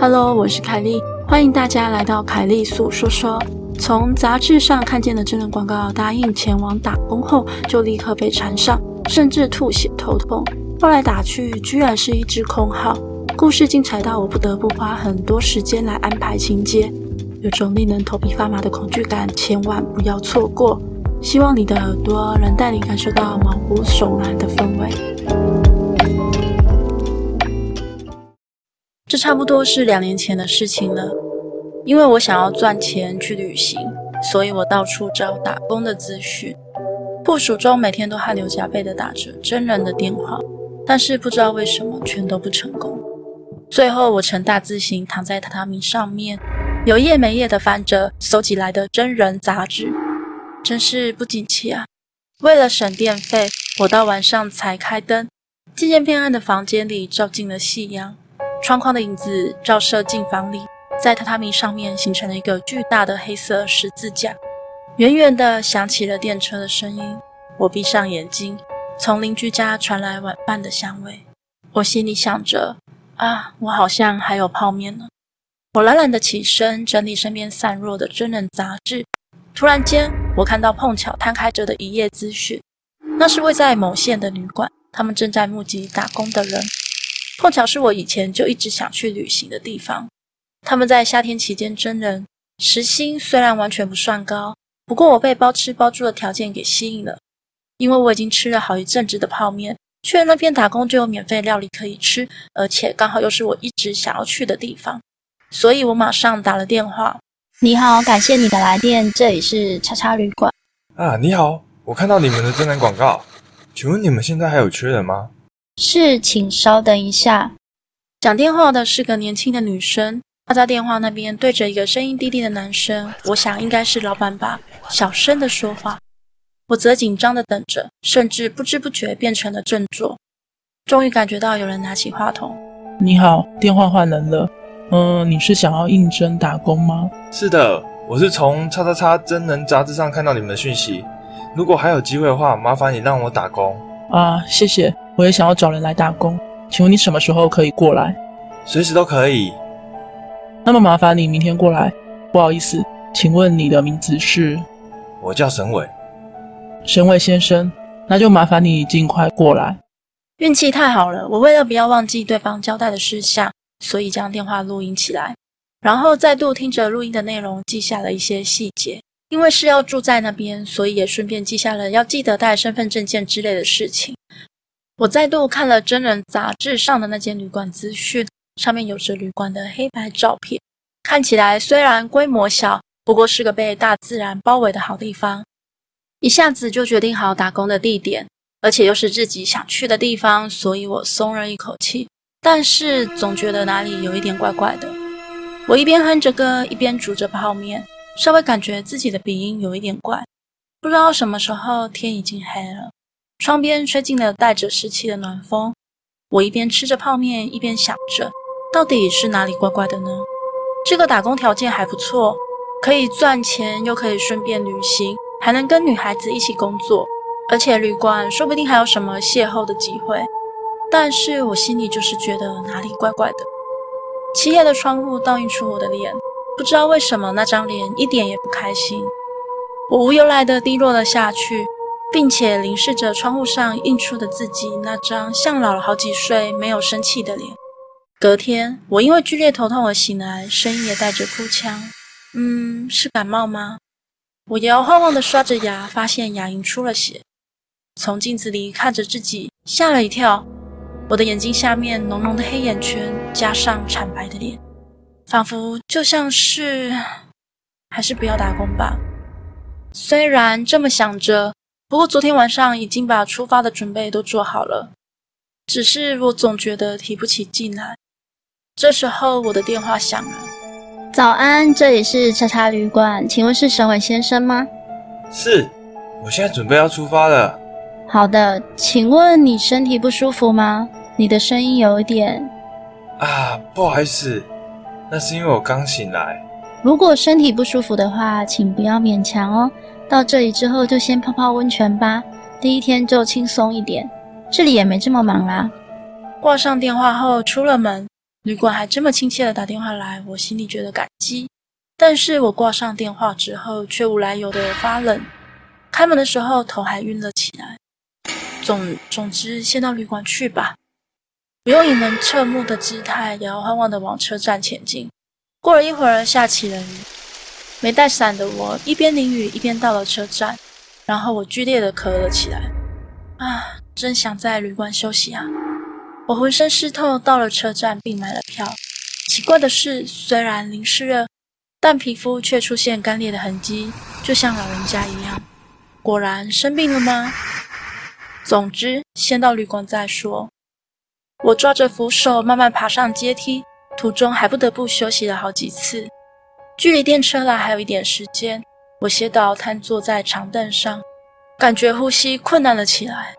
哈嘍，Hello, 我是凱莉，歡迎大家來到凱莉粟說說。從雜誌上看見的徵人廣告，答應前往打工後，就立刻被纏上，甚至吐血頭痛。後來打去，居然是一隻空號。故事精彩到我不得不花很多時間來安排情節，有種令人頭皮發麻的恐懼感，千萬不要錯過。希望你的耳朵能帶你感受到毛骨悚然的氛圍。這差不多是兩年前的事情了，因為我想要賺錢去旅行，所以我到處找打工的資訊，部署中每天都汗流浹背的打着徵人的電話，但是不知道為什麼全都不成功。最後我呈大字形躺在榻榻米上面，有夜沒夜的翻着搜集來的徵人雜誌，真是不景氣啊。為了省電費，我到晚上才開燈，漸漸變暗的房間裡照進了夕陽。窗框的影子照射進房裡，在榻榻米上面形成了一個巨大的黑色十字架。遠遠的響起了電車的聲音，我閉上眼睛，從鄰居家傳來晚飯的香味。我心裡想着：“啊，我好像還有泡麵呢。”我懶懶的起身，整理身邊散落的真人雜誌。突然間，我看到碰巧攤開着的一頁資訊，那是位在某縣的旅館，他們正在募集打工的人。碰巧是我以前就一直想去旅行的地方。他們在夏天期間徵人，時薪雖然完全不算高，不過我被包吃包住的條件給吸引了。因為我已經吃了好一陣子的泡麵，去那邊打工就有免費料理可以吃，而且剛好又是我一直想要去的地方，所以我馬上打了電話。你好，感謝你的來電，這裡是叉叉旅館。啊，你好，我看到你們的徵人廣告，請問你們現在還有缺人嗎？是，請稍等一下。講電話的是個年輕的女生，她在電話那邊對着一個聲音低低的男生，我想應該是老闆吧，小聲的說話。我則緊張的等着，甚至不知不覺變成了正座。終於感覺到有人拿起話筒。你好，電話換人了。嗯、呃，你是想要應徵打工嗎？是的，我是從叉叉叉真人雜誌上看到你們的訊息。如果還有機會的話，麻煩你讓我打工。啊，謝謝。我也想要找人來打工，請問你什麼時候可以過來？隨時都可以。那麼麻煩你明天過來。不好意思，請問你的名字是？我叫沈偉。沈偉先生，那就麻煩你盡快過來。運氣太好了，我為了不要忘記對方交代的事項，所以將電話錄音起來，然後再度聽着錄音的內容，記下了一些細節。因為是要住在那邊，所以也順便記下了要記得帶身份證件之類的事情。我再度看了《真人雜誌》上的那間旅館資訊，上面有着旅館的黑白照片，看起來雖然規模小，不過是個被大自然包圍的好地方。一下子就決定好打工的地點，而且又是自己想去的地方，所以我鬆了一口氣。但是總覺得哪裡有一點怪怪的。我一邊哼着歌，一邊煮着泡麵，稍微感覺自己的鼻音有一點怪。不知道什麼時候天已經黑了。窗邊吹進了帶着濕氣的暖風，我一邊吃着泡麵，一邊想着，到底是哪裡怪怪的呢？這個打工條件還不錯，可以賺錢，又可以順便旅行，還能跟女孩子一起工作，而且旅館說不定還有什麼邂逅的機會。但是我心裡就是覺得哪裡怪怪的。漆黑的窗戶倒映出我的臉，不知道為什麼那張臉一點也不開心，我無由來的低落了下去。並且凝視着窗戶上映出的自己那張像老了好幾歲、沒有生氣的臉。隔天，我因為劇烈頭痛而醒來，聲音也帶着哭腔：“嗯，是感冒嗎？”我搖搖晃晃的刷着牙，發現牙齦出了血。從鏡子裡看着自己，嚇了一跳。我的眼睛下面濃濃的黑眼圈，加上慘白的臉，仿佛就像是……還是不要打工吧。雖然這麼想着。不過昨天晚上已經把出發的準備都做好了，只是我總覺得提不起勁來。這時候我的電話響了，早安，這裡是叉叉旅館，請問是沈偉先生嗎？是，我現在準備要出發了。好的，請問你身體不舒服嗎？你的聲音有點……啊，不好意思，那是因為我剛醒來。如果身體不舒服的話，請不要勉強哦。到這裡之後，就先泡泡溫泉吧。第一天就輕鬆一點，這裡也沒這麼忙啦、啊。掛上電話後，出了門，旅館還這麼親切地打電話來，我心裡覺得感激。但是我掛上電話之後，卻無來由地發冷。開門的時候，頭還暈了起來。總總之，先到旅館去吧。不用以引人側目的姿態搖搖晃晃地往車站前進。過了一會兒，下起了雨。沒帶傘的我一邊淋雨一邊到了車站，然後我劇烈的咳了起來。啊，真想在旅館休息啊！我渾身濕透，到了車站並買了票。奇怪的是，雖然淋濕了，但皮膚卻出現乾裂的痕跡，就像老人家一樣。果然生病了嗎？總之，先到旅館再說。我抓着扶手慢慢爬上階梯，途中還不得不休息了好幾次。距離電車來還有一點時間，我斜倒，癱坐在長凳上，感覺呼吸困難了起來。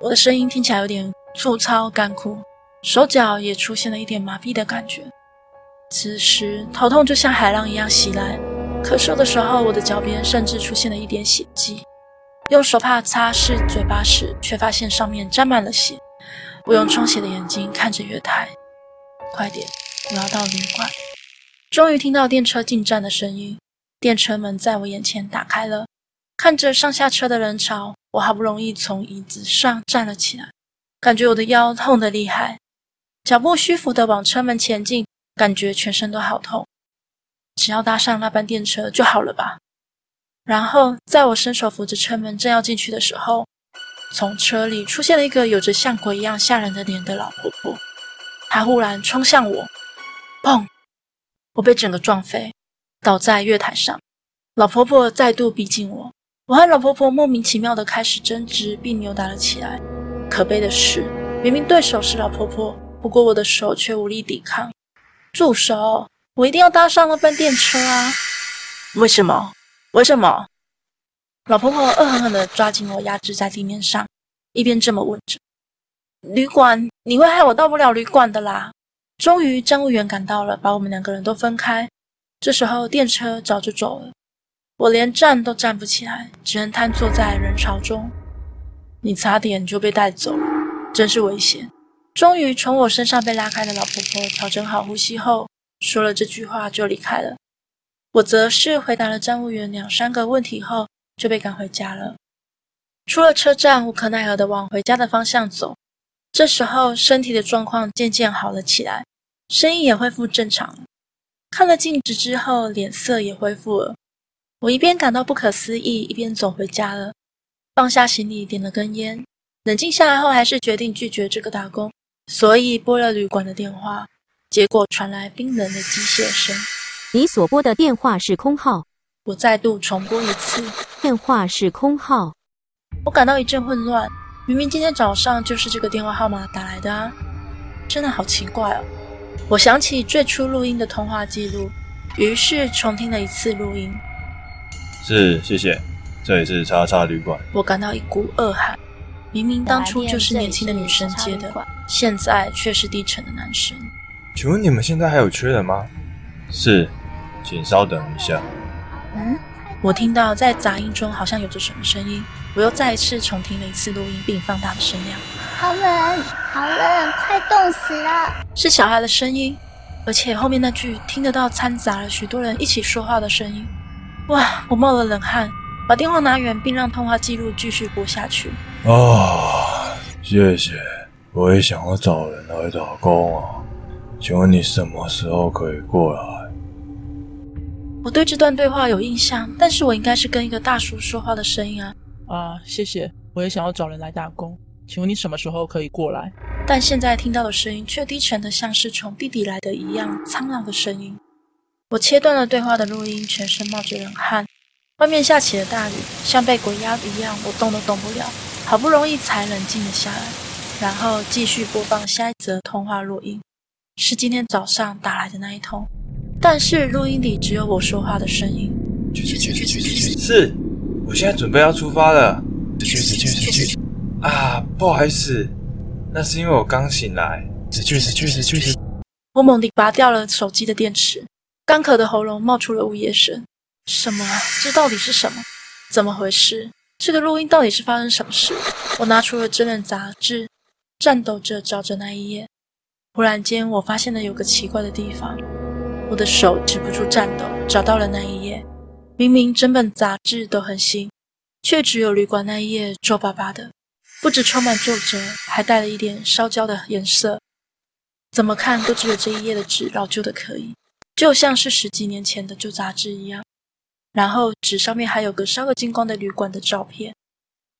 我的聲音聽起來有點粗糙乾枯，手腳也出現了一點麻痹的感覺。此時頭痛就像海浪一樣襲來，咳嗽的時候我的腳邊甚至出現了一點血迹。用手帕擦拭嘴巴時，却发現上面沾滿了血。我用充血的眼睛看着月台，快點，我要到旅館。終於聽到電車進站的聲音，電車門在我眼前打開了。看着上下車的人潮，我好不容易從椅子上站了起來，感覺我的腰痛得厲害，腳步虛浮地往車門前進，感覺全身都好痛。只要搭上那班電車就好了吧。然後在我伸手扶着車門正要進去的時候，從車裡出現了一個有着像鬼一樣嚇人的臉的老婆婆，她忽然衝向我，砰！我被整個撞飛，倒在月台上。老婆婆再度逼近我，我和老婆婆莫名其妙的開始爭執，並扭打了起來。可悲的是，明明對手是老婆婆，不過我的手卻無力抵抗。住手！我一定要搭上那班電車啊！為什麼？為什麼？老婆婆惡、呃、狠狠的抓緊我，壓制在地面上，一邊這麼問着：“旅館，你會害我到不了旅館的啦。”終於，站務員趕到了，把我們兩個人都分開。這時候，電車早就走了，我連站都站不起來，只能癱坐在人潮中。你差點就被帶走了，真是危險！終於從我身上被拉開的老婆婆調整好呼吸後，說了這句話就離開了。我則是回答了站務員兩三個問題後，就被趕回家了。出了車站，無可奈何地往回家的方向走。這時候，身體的狀況漸漸好了起來，聲音也恢復正常。看了鏡子之後，臉色也恢復了。我一邊感到不可思議，一邊走回家了。放下行李，點了根菸。冷靜下來後，還是決定拒絕這個打工，所以撥了旅館的電話。結果傳來冰冷的機械聲：“你所撥的電話是空號。”我再度重撥一次，電話是空號。我感到一陣混亂。明明今天早上就是這個電話號碼打來的啊，真的好奇怪哦！我想起最初錄音的通話記錄，於是重聽了一次錄音。是，謝謝，這裡是叉叉旅館。我感到一股惡寒，明明當初就是年輕的女生接的，現在卻是低沉的男生。請問你們現在還有缺人嗎？是，請稍等一下。嗯，我聽到在雜音中好像有着什麼聲音。我又再一次重聽了一次錄音，並放大了聲量。好冷，好冷，快凍死了！是小孩的聲音，而且後面那句聽得到摻雜了許多人一起說話的聲音。哇！我冒了冷汗，把電話拿遠，並讓通話記錄繼續播下去。啊，謝謝！我也想要找人來打工啊，請問你什麼時候可以過來？我對這段對話有印象，但是我應該是跟一個大叔說話的聲音啊。啊，謝謝，我也想要找人來打工，請問你什麼時候可以過來？但現在聽到的聲音卻低沉的，像是從地底來的一樣蒼老的聲音。我切斷了對話的錄音，全身冒着冷汗，外面下起了大雨，像被鬼壓一樣，我動都動不了。好不容易才冷靜了下來，然後繼續播放下一則通話錄音，是今天早上打來的那一通，但是錄音裡只有我說話的聲音。是。我現在準備要出發了。死去，死去，死去！死去 啊，不好意思，那是因為我剛醒來。死去，死去，死去！我猛地拔掉了手機的電池，乾渴的喉嚨冒出了嗚咽聲。什麼？這到底是什麼？怎麼回事？這個錄音到底是發生什麼事？我拿出了《真人》雜誌，顫抖着找着那一頁。忽然間，我發現了有個奇怪的地方。我的手止不住顫抖，找到了那一頁。明明整本雜誌都很新，卻只有旅館那一頁皺巴巴的，不只充滿皺褶，還帶了一點燒焦的顏色。怎麼看都只有這一頁的紙老舊的可以，就像是十幾年前的舊雜誌一樣。然後紙上面還有個燒得精光的旅館的照片，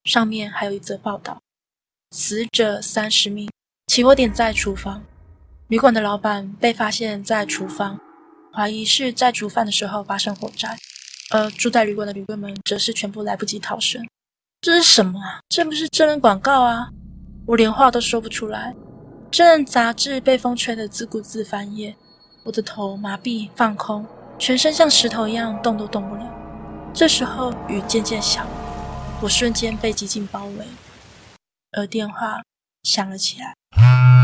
上面還有一則報道：死者三十名，起火點在廚房，旅館的老板被發現在廚房，懷疑是在煮飯的時候發生火災。呃，住在旅館的旅客們則是全部來不及逃生。這是什麼啊？這不是真人廣告啊！我連話都說不出來。這本雜誌被風吹得自顧自翻頁，我的頭麻痹、放空，全身像石頭一樣動都動不了。這時候雨漸漸小，我瞬間被寂靜包圍，而電話響了起來。嗯